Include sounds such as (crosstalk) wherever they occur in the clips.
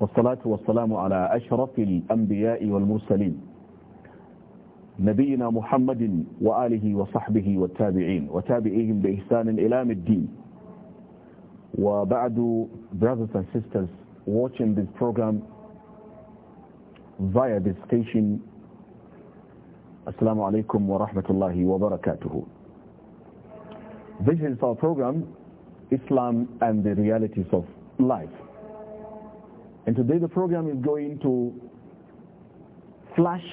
والصلاة والسلام على أشرف الأنبياء والمرسلين نبينا محمد وآله وصحبه والتابعين وتابعيهم بإحسان الدين وبعد brothers and sisters watching this program via this station Assalamu alaikum wa rahmatullahi wa barakatuhu This is our program Islam and the realities of life and today the program is going to flash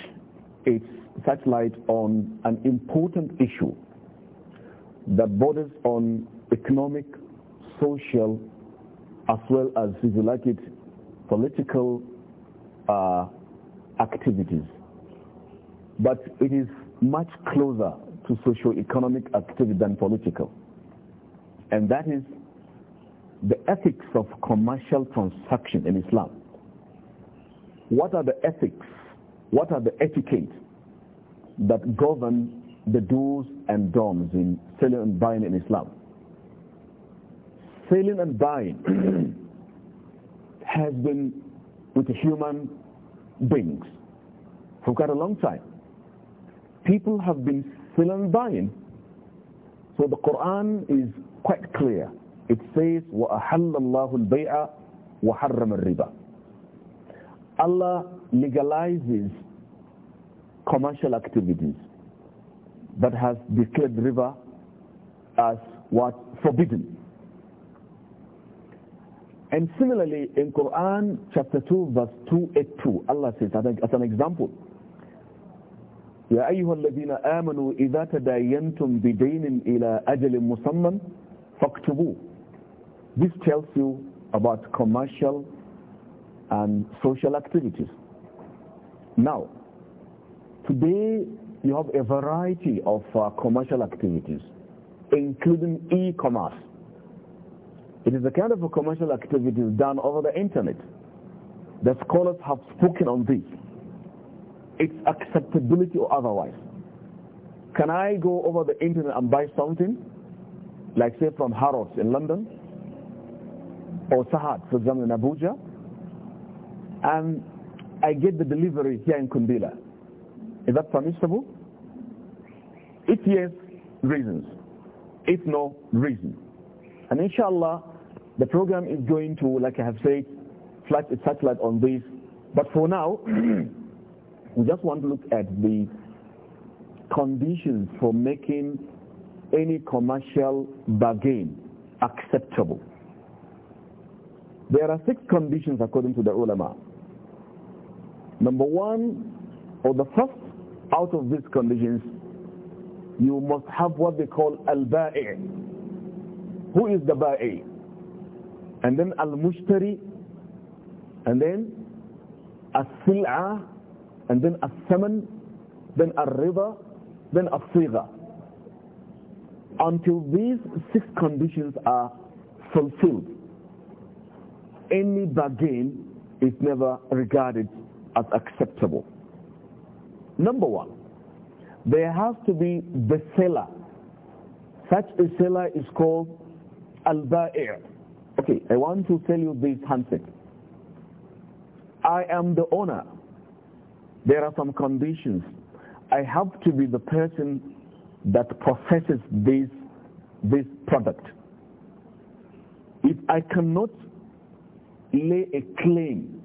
its satellite on an important issue that borders on economic, social, as well as, if you like it, political uh, activities. But it is much closer to socio-economic activity than political. And that is the ethics of commercial transaction in Islam. What are the ethics? What are the etiquette that govern the do's and don'ts in selling and buying in Islam? Selling and buying (clears throat) has been with human beings for quite a long time. People have been selling and buying. So the Quran is quite clear It says, وَأَحَلَّ اللَّهُ الْبَيْعَ al-riba Allah legalizes commercial activities that has declared riba as what forbidden. And similarly, in Quran chapter 2, verse 282, Allah says, as an example, يا أيها الذين آمنوا إذا تداينتم بدين إلى أجل مسمى فاكتبوه This tells you about commercial and social activities. Now, today you have a variety of uh, commercial activities, including e-commerce. It is a kind of a commercial activity done over the internet. The scholars have spoken on this, its acceptability or otherwise. Can I go over the internet and buy something, like say from Harrods in London? or Sahad, for example, in Abuja, and I get the delivery here in Kundila. Is that permissible? If yes, reasons. If no, reason. And inshallah, the program is going to, like I have said, flash a satellite on this. But for now, (clears throat) we just want to look at the conditions for making any commercial bargain acceptable. There are six conditions according to the ulama. Number one, or the first out of these conditions, you must have what they call al-ba'i. Who is the ba'i? And then al-mushtari, and then al-sil'a, and then al-saman, then al-riba, then al-sigha. Until these six conditions are fulfilled, any bargain is never regarded as acceptable. Number one, there has to be the seller. Such a seller is called al bair Okay, I want to sell you this handset. I am the owner. There are some conditions. I have to be the person that possesses this, this product. If I cannot lay a claim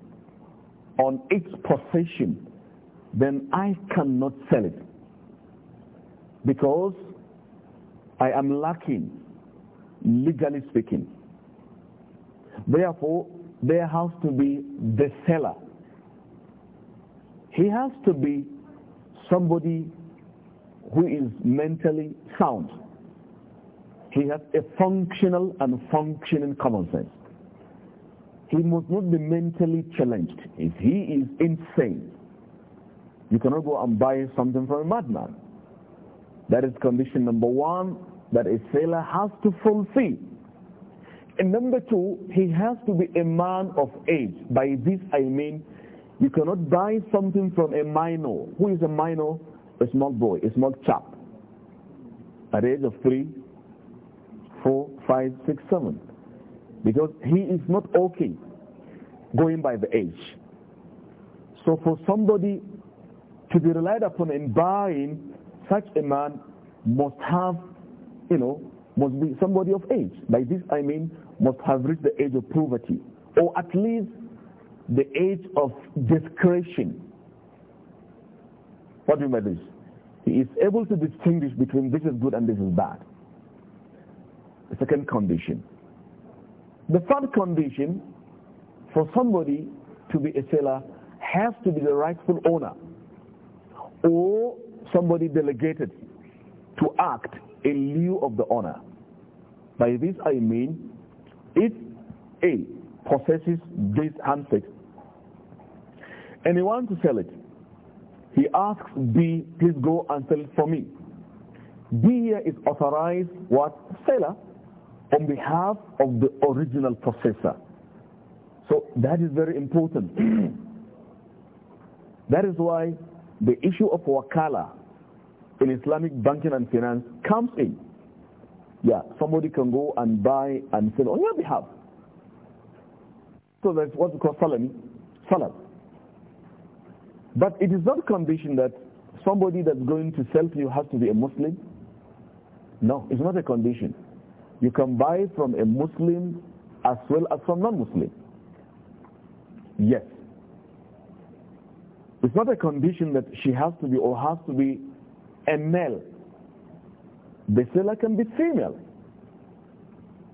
on its possession, then I cannot sell it because I am lacking, legally speaking. Therefore, there has to be the seller. He has to be somebody who is mentally sound. He has a functional and functioning common sense he must not be mentally challenged. If he is insane, you cannot go and buy something from a madman. That is condition number one that a sailor has to fulfill. And number two, he has to be a man of age. By this I mean, you cannot buy something from a minor. Who is a minor? A small boy, a small chap. At the age of three, four, five, six, seven because he is not okay going by the age. So for somebody to be relied upon in buying such a man must have, you know, must be somebody of age. By this I mean must have reached the age of poverty or at least the age of discretion. What do you mean by this? He is able to distinguish between this is good and this is bad. The second condition. The third condition for somebody to be a seller has to be the rightful owner or somebody delegated to act in lieu of the owner. By this I mean if A possesses this handset and he wants to sell it, he asks B, please go and sell it for me. B here is authorized what? Seller on behalf of the original processor. So that is very important. (clears throat) that is why the issue of wakala in Islamic banking and finance comes in. Yeah, somebody can go and buy and sell on your behalf. So that's what we call salam. Salam. But it is not a condition that somebody that's going to sell to you has to be a Muslim. No, it's not a condition. You can buy from a Muslim as well as from non-Muslim. Yes. It's not a condition that she has to be or has to be a male. The seller can be female.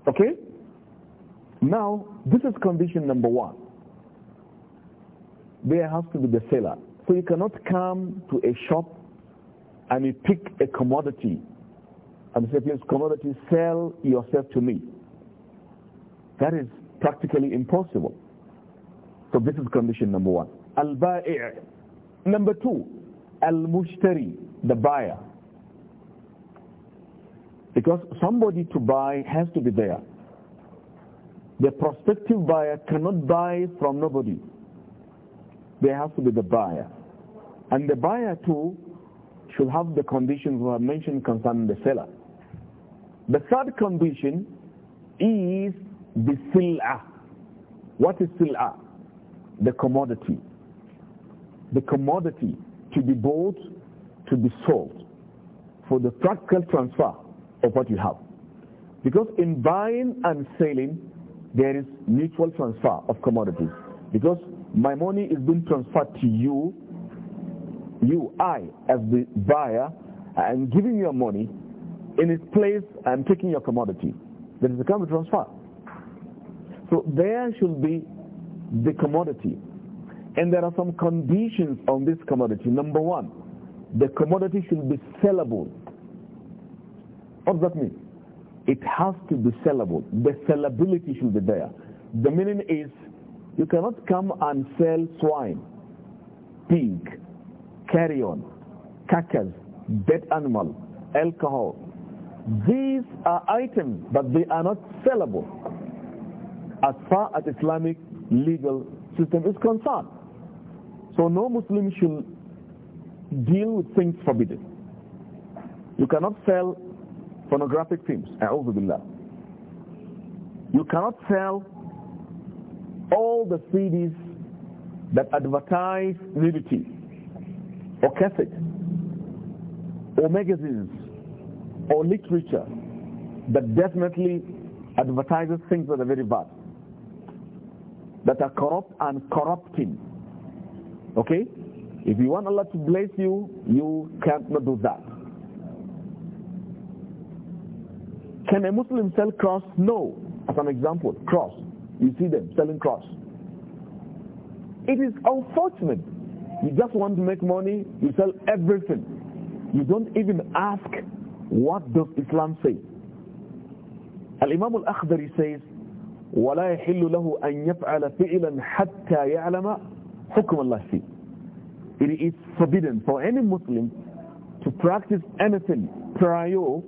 Okay? Now, this is condition number one. There has to be the seller. So you cannot come to a shop and you pick a commodity and say, please, commodity, sell yourself to me. That is practically impossible. So this is condition number one. Al-ba'i' Number two, al-mushtari, the buyer. Because somebody to buy has to be there. The prospective buyer cannot buy from nobody. There has to be the buyer. And the buyer too should have the conditions we have mentioned concerning the seller. The third condition is the sil'ah. What is sil'ah? The commodity. The commodity to be bought, to be sold for the practical transfer of what you have. Because in buying and selling, there is mutual transfer of commodities. Because my money is being transferred to you, you, I, as the buyer, I am giving you money in its place, I'm taking your commodity. That is a of transfer. So there should be the commodity. And there are some conditions on this commodity. Number one, the commodity should be sellable. What does that mean? It has to be sellable. The sellability should be there. The meaning is you cannot come and sell swine, pig, carrion, carcass, dead animal, alcohol, these are items, but they are not sellable as far as Islamic legal system is concerned. So no Muslim should deal with things forbidden. You cannot sell pornographic films, billah. You cannot sell all the CDs that advertise nudity, or cassettes, or magazines, or literature that definitely advertises things that are very bad, that are corrupt and corrupting. Okay? If you want Allah to bless you, you can't not do that. Can a Muslim sell cross? No. As an example, cross. You see them selling cross. It is unfortunate. You just want to make money, you sell everything. You don't even ask what does Islam say? Al-Imam al-Akhdari says, وَلَا يَحِلُّ لَهُ أَن يَفْعَلَ فِعِلًا حَتَّى يَعْلَمَ حُكْمَ اللَّهِ فِيهِ It is forbidden for any Muslim to practice anything prior to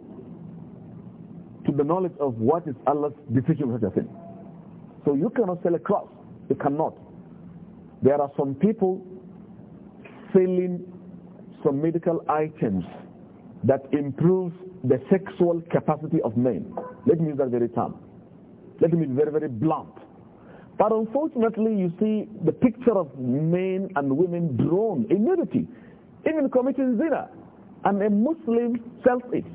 the knowledge of what is Allah's decision for such a thing. So you cannot sell a cross. You cannot. There are some people selling some medical items that improves the sexual capacity of men. Let me use that very term. Let me be very, very blunt. But unfortunately, you see the picture of men and women drawn in nudity, even committing zina, and a Muslim sells it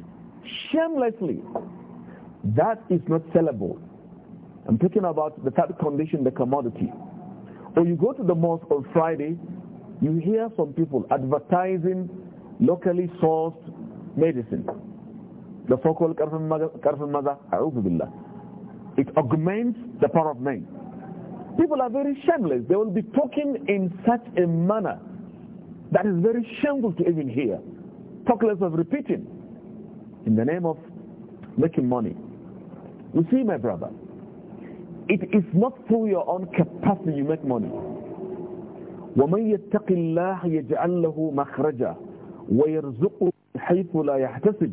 shamelessly. That is not sellable. I'm talking about the third condition, the commodity. When you go to the mosque on Friday, you hear some people advertising locally sourced medicine. The so-called Karfin Maza, Billah. It augments the power of men. People are very shameless. They will be talking in such a manner that is very shameful to even hear. Talk less of repeating in the name of making money. You see, my brother, it is not through your own capacity you make money. ومن يتق الله يجعل له مخرجا ويرزقه حيث لا يحتسب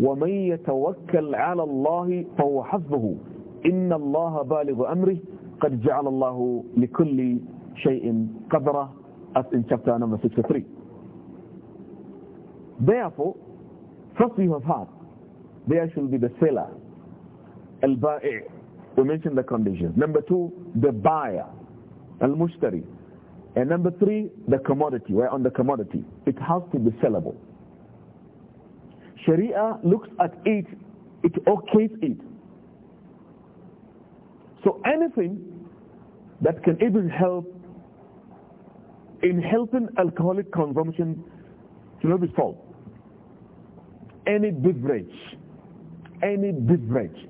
ومن يتوكل على الله فهو حظه إن الله بالغ أمره قد جعل الله لكل شيء قدره as in chapter number 63 therefore first you have heard there should be the seller al-ba'i' we mentioned the conditions number two the buyer al-mushtari and number three the commodity we're on the commodity it has to be sellable Sharia looks at it, it okays it. So anything that can even help in helping alcoholic consumption should not be sold. Any beverage, any beverage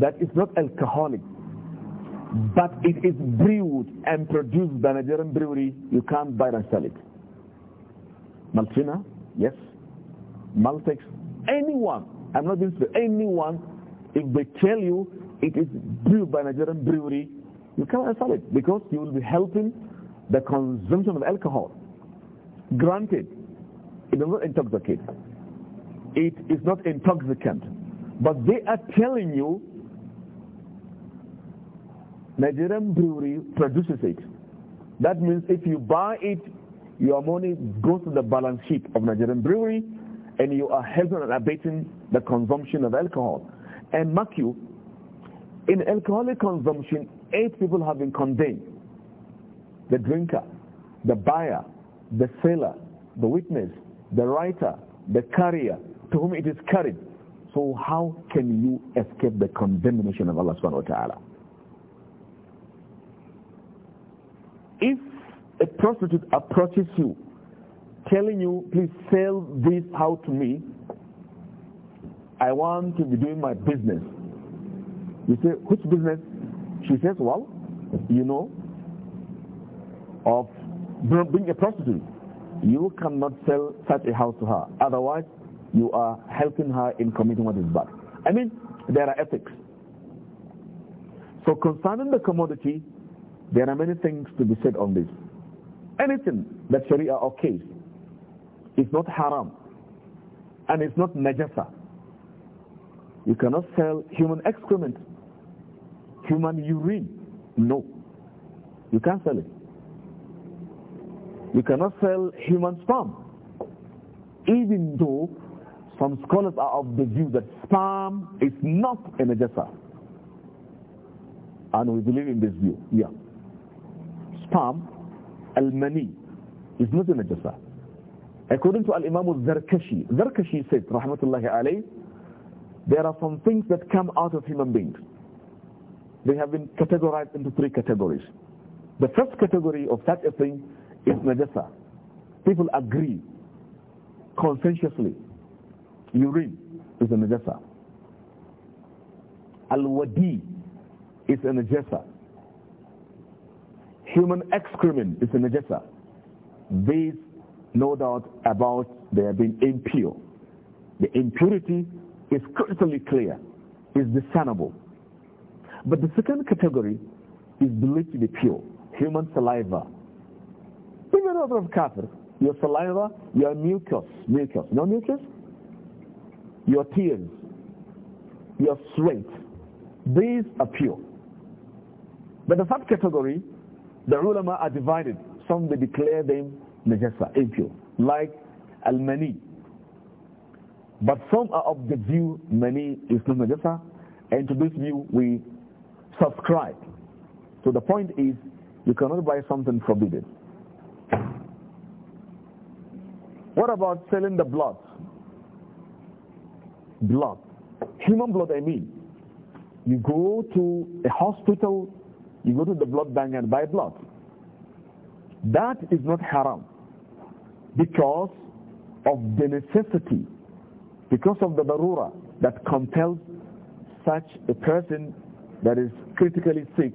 that is not alcoholic, but it is brewed and produced by Nigerian brewery, you can't buy and sell it. Maltina, yes. Maltex, anyone, I'm not being anyone, if they tell you it is brewed by Nigerian brewery, you cannot sell it because you will be helping the consumption of alcohol. Granted, it does not intoxicate. It is not intoxicant. But they are telling you Nigerian brewery produces it. That means if you buy it, your money goes to the balance sheet of Nigerian brewery and you are helping and abating the consumption of alcohol. And mark you, in alcoholic consumption, eight people have been condemned. The drinker, the buyer, the seller, the witness, the writer, the carrier, to whom it is carried. So how can you escape the condemnation of Allah subhanahu wa ta'ala? If a prostitute approaches you telling you, please sell this house to me. I want to be doing my business. You say, which business? She says, well, you know, of being a prostitute. You cannot sell such a house to her. Otherwise, you are helping her in committing what is bad. I mean, there are ethics. So concerning the commodity, there are many things to be said on this. Anything that Sharia okays, it's not haram. And it's not najasa. You cannot sell human excrement, human urine. No. You can't sell it. You cannot sell human sperm. Even though some scholars are of the view that sperm is not a najasa. And we believe in this view. Yeah. Sperm, al-mani, is not a najasa. According to Al-Imam zarkashi Zarkashi said, rahmatullahi alayh, there are some things that come out of human beings. They have been categorized into three categories. The first category of such a thing is najasa. People agree conscientiously. Urine is a najasa. Al-wadi is a najasa. Human excrement is a najasa. These no doubt about their being impure. The impurity is crystal clear, is discernible. But the second category is believed to be pure, human saliva. Even out of kafir, your saliva, your mucus, mucus, no mucus? Your tears, your sweat, these are pure. But the third category, the ulama are divided. Some they declare them najasa, impure, like al-mani. But some are of the view mani is not najasa, and to this view we subscribe. So the point is, you cannot buy something forbidden. What about selling the blood? Blood. Human blood, I mean. You go to a hospital, you go to the blood bank and buy blood. That is not haram because of the necessity, because of the darura that compels such a person that is critically sick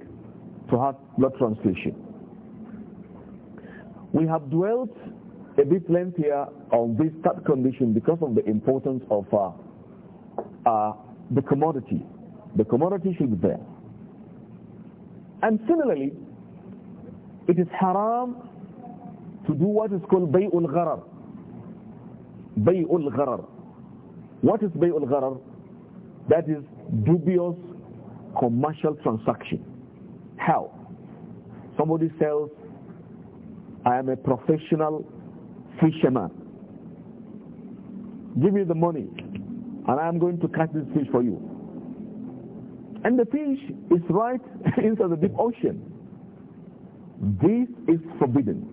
to have blood transfusion. We have dwelt a bit lengthier on this third condition because of the importance of uh, uh, the commodity. The commodity should be there. And similarly, it is haram to do what is called bay'ul gharar. Bay'ul gharar. What is bay'ul gharar? That is dubious commercial transaction. How? Somebody sells, I am a professional fisherman. Give me the money and I am going to catch this fish for you. And the fish is right (laughs) inside the deep ocean. This is forbidden.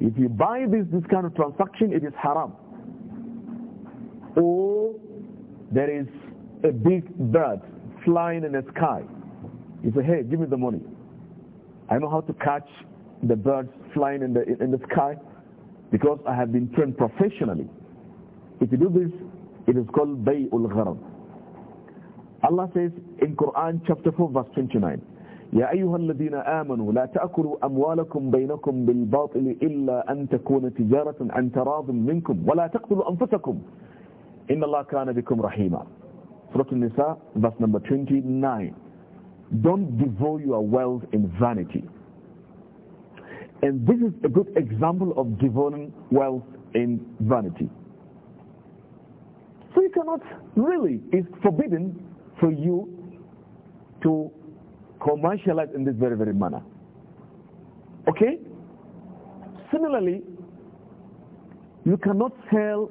If you buy this, this kind of transaction, it is haram. Or there is a big bird flying in the sky. You say, hey, give me the money. I know how to catch the birds flying in the, in the sky because I have been trained professionally. If you do this, it is called bay'ul gharam. Allah says in Quran chapter 4 verse 29, يا أيها الذين آمنوا لا تأكلوا أموالكم بينكم بالباطل إلا أن تكون تجارة عن تراض منكم ولا تقتلوا أنفسكم إن الله كان بكم رحيما Surah النساء, verse number 29. Don't devote your wealth in vanity. And this is a good example of devoting wealth in vanity. So you cannot really, it's forbidden for you to commercialized in this very, very manner. Okay? Similarly, you cannot sell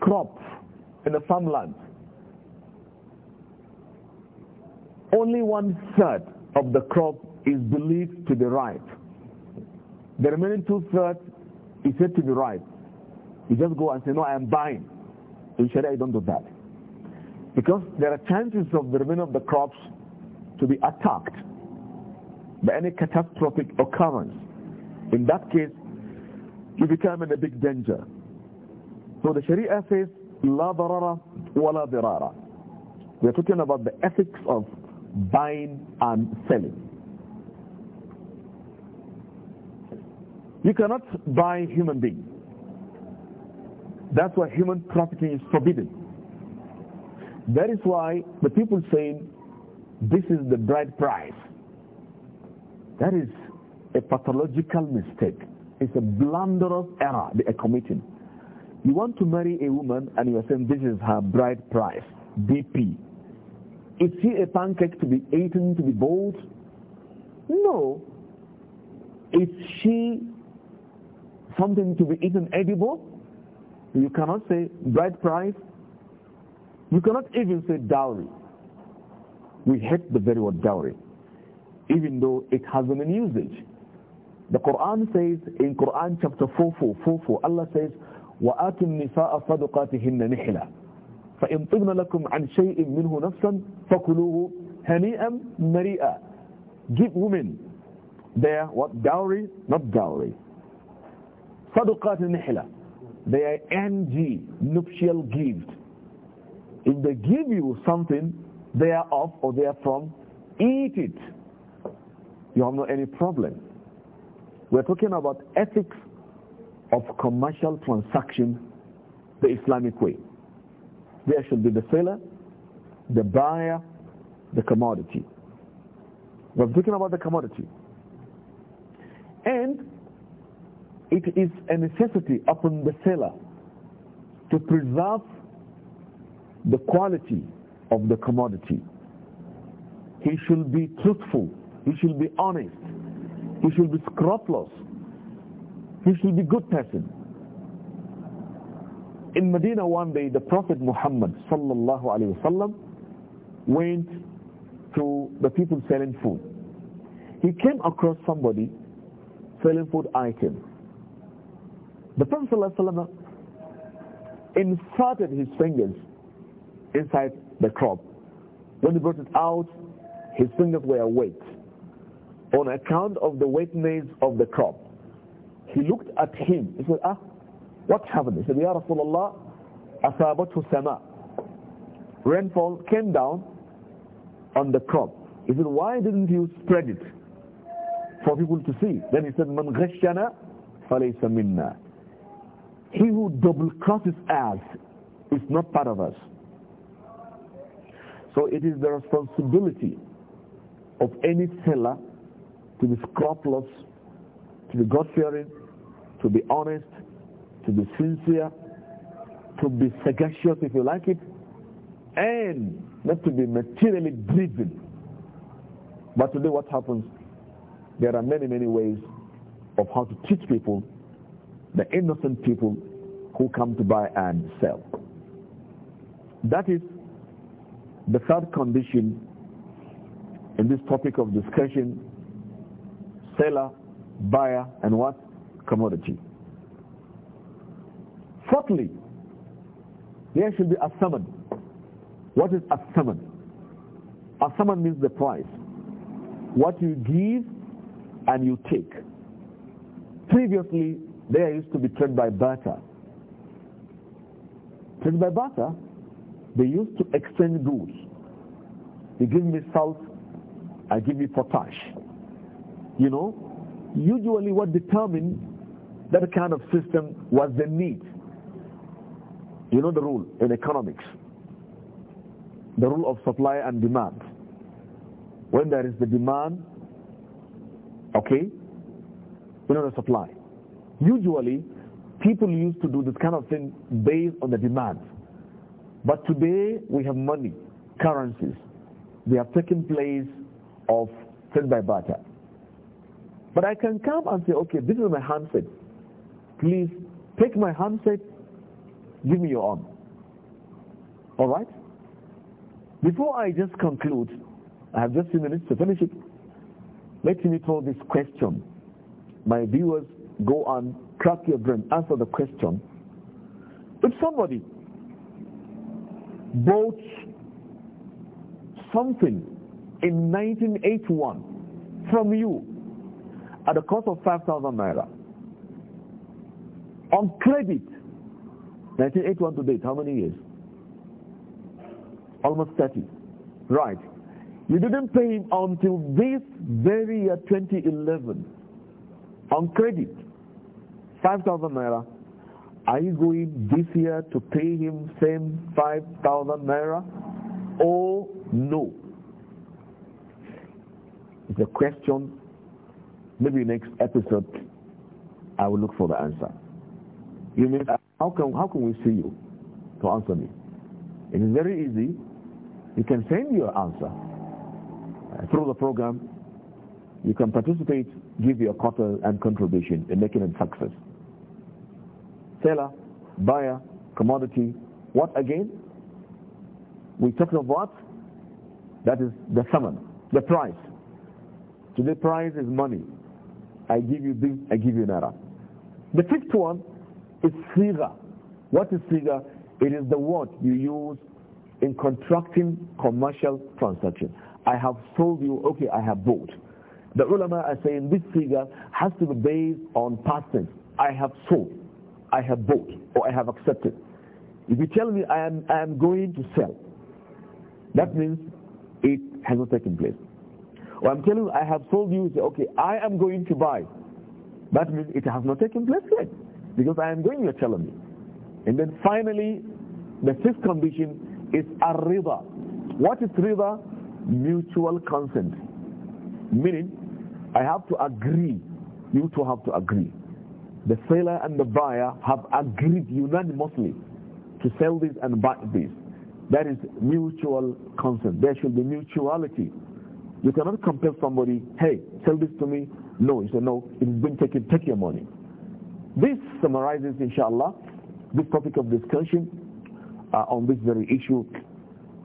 crop in the farmland. Only one third of the crop is believed to be ripe. The remaining two thirds is said to be ripe. You just go and say, no, I am buying. In Sharia, you don't do that. Because there are chances of the remaining of the crops to be attacked by any catastrophic occurrence. In that case, you become in a big danger. So the Sharia says, la darara wa la dirara. We're talking about the ethics of buying and selling. You cannot buy human being. That's why human trafficking is forbidden. That is why the people saying this is the bride price. That is a pathological mistake. It's a blunderous error they are committing. You want to marry a woman and you are saying this is her bride price, DP. Is she a pancake to be eaten, to be bought? No. Is she something to be eaten edible? You cannot say bride price. You cannot even say dowry. We hate the very word dowry, even though it has been usage. The Quran says in Quran chapter 44, 44 Allah says, وَأَتِ النِّسَاءَ صَدُقَاتِهِنَّ نِحْلًا فَإِنْ طِبْنَ لَكُمْ عَنْ شَيْءٍ مِّنْهُ نَفْسًا فَكُلُوهُ هَنِيئًا مَرِيئًا Give women their what dowry, not dowry. صَدُقَاتِ النِّحْلًا are NG, nuptial gift. If they give you something, thereof or therefrom, eat it. You have no any problem. We're talking about ethics of commercial transaction the Islamic way. There should be the seller, the buyer, the commodity. We're talking about the commodity. And it is a necessity upon the seller to preserve the quality of the commodity. He should be truthful. He should be honest. He should be scrupulous. He should be good person. In Medina one day, the Prophet Muhammad sallallahu alaihi wasallam went to the people selling food. He came across somebody selling food item. The Prophet sallallahu alaihi wasallam inserted his fingers inside the crop. When he brought it out, his fingers were wet. On account of the wetness of the crop, he looked at him. He said, ah, what happened? He said, Ya Rasulullah, asabatu sama. Rainfall came down on the crop. He said, why didn't you spread it for people to see? Then he said, man ghashana falaysa minna. He who double crosses us is not part of us. So it is the responsibility of any seller to be scrupulous, to be God-fearing, to be honest, to be sincere, to be sagacious if you like it, and not to be materially driven. But today what happens, there are many, many ways of how to teach people, the innocent people who come to buy and sell. That is the third condition in this topic of discussion, seller, buyer, and what? Commodity. Fourthly, there should be a summon. What is a summon? A summon means the price. What you give and you take. Previously, there used to be trade by barter. Trade by barter they used to exchange goods. You give me salt, I give you potash. You know, usually what determined that kind of system was the need. You know the rule in economics, the rule of supply and demand. When there is the demand, okay, you know the supply. Usually, people used to do this kind of thing based on the demand. But today we have money, currencies. They have taken place of trade by barter. But I can come and say, okay, this is my handset. Please take my handset, give me your arm. All right? Before I just conclude, I have just few minutes to finish it. Let me throw this question. My viewers, go and crack your brain, answer the question. If somebody bought something in 1981 from you at a cost of 5,000 naira. On credit, 1981 to date, how many years? Almost 30. Right. You didn't pay him until this very year 2011. On credit, 5,000 naira are you going this year to pay him same 5,000 naira or no? The question, maybe next episode, I will look for the answer. You mean, uh, how can, how can we see you to answer me? It is very easy. You can send your answer uh, through the program. You can participate, give your quarter and contribution in making it success seller, buyer, commodity. What again? We talk of what? That is the summon, the price. Today price is money. I give you this, I give you that. The fifth one is siga. What is siga? It is the word you use in contracting commercial transaction. I have sold you, okay, I have bought. The ulama are saying this figure has to be based on past tense. I have sold. I have bought or I have accepted. If you tell me I am, I am going to sell, that means it has not taken place. Or I'm telling you I have sold you, say, okay, I am going to buy. That means it has not taken place yet because I am going, you're telling me. And then finally, the fifth condition is a river. What is river? Mutual consent. Meaning, I have to agree. You two have to agree the seller and the buyer have agreed unanimously to sell this and buy this. That is mutual consent. There should be mutuality. You cannot compel somebody, hey, sell this to me. No, you say, no, it's been taken, take your money. This summarizes, inshallah, this topic of discussion uh, on this very issue,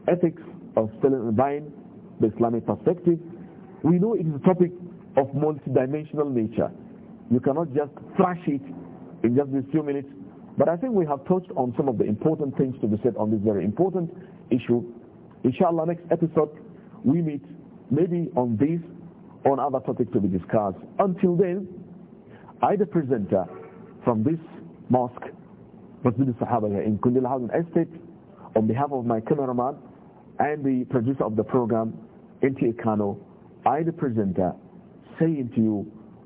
ethics of selling and buying, the Islamic perspective. We know it is a topic of multidimensional nature. You cannot just thrash it in just these few minutes. But I think we have touched on some of the important things to be said on this very important issue. Inshallah, next episode we meet maybe on this on other topics to be discussed. Until then, I, the presenter from this mosque, Masjid al-Sahaba here in Kundil Housing Estate, on behalf of my cameraman and the producer of the program, NTA Kano, I, the presenter, saying to you,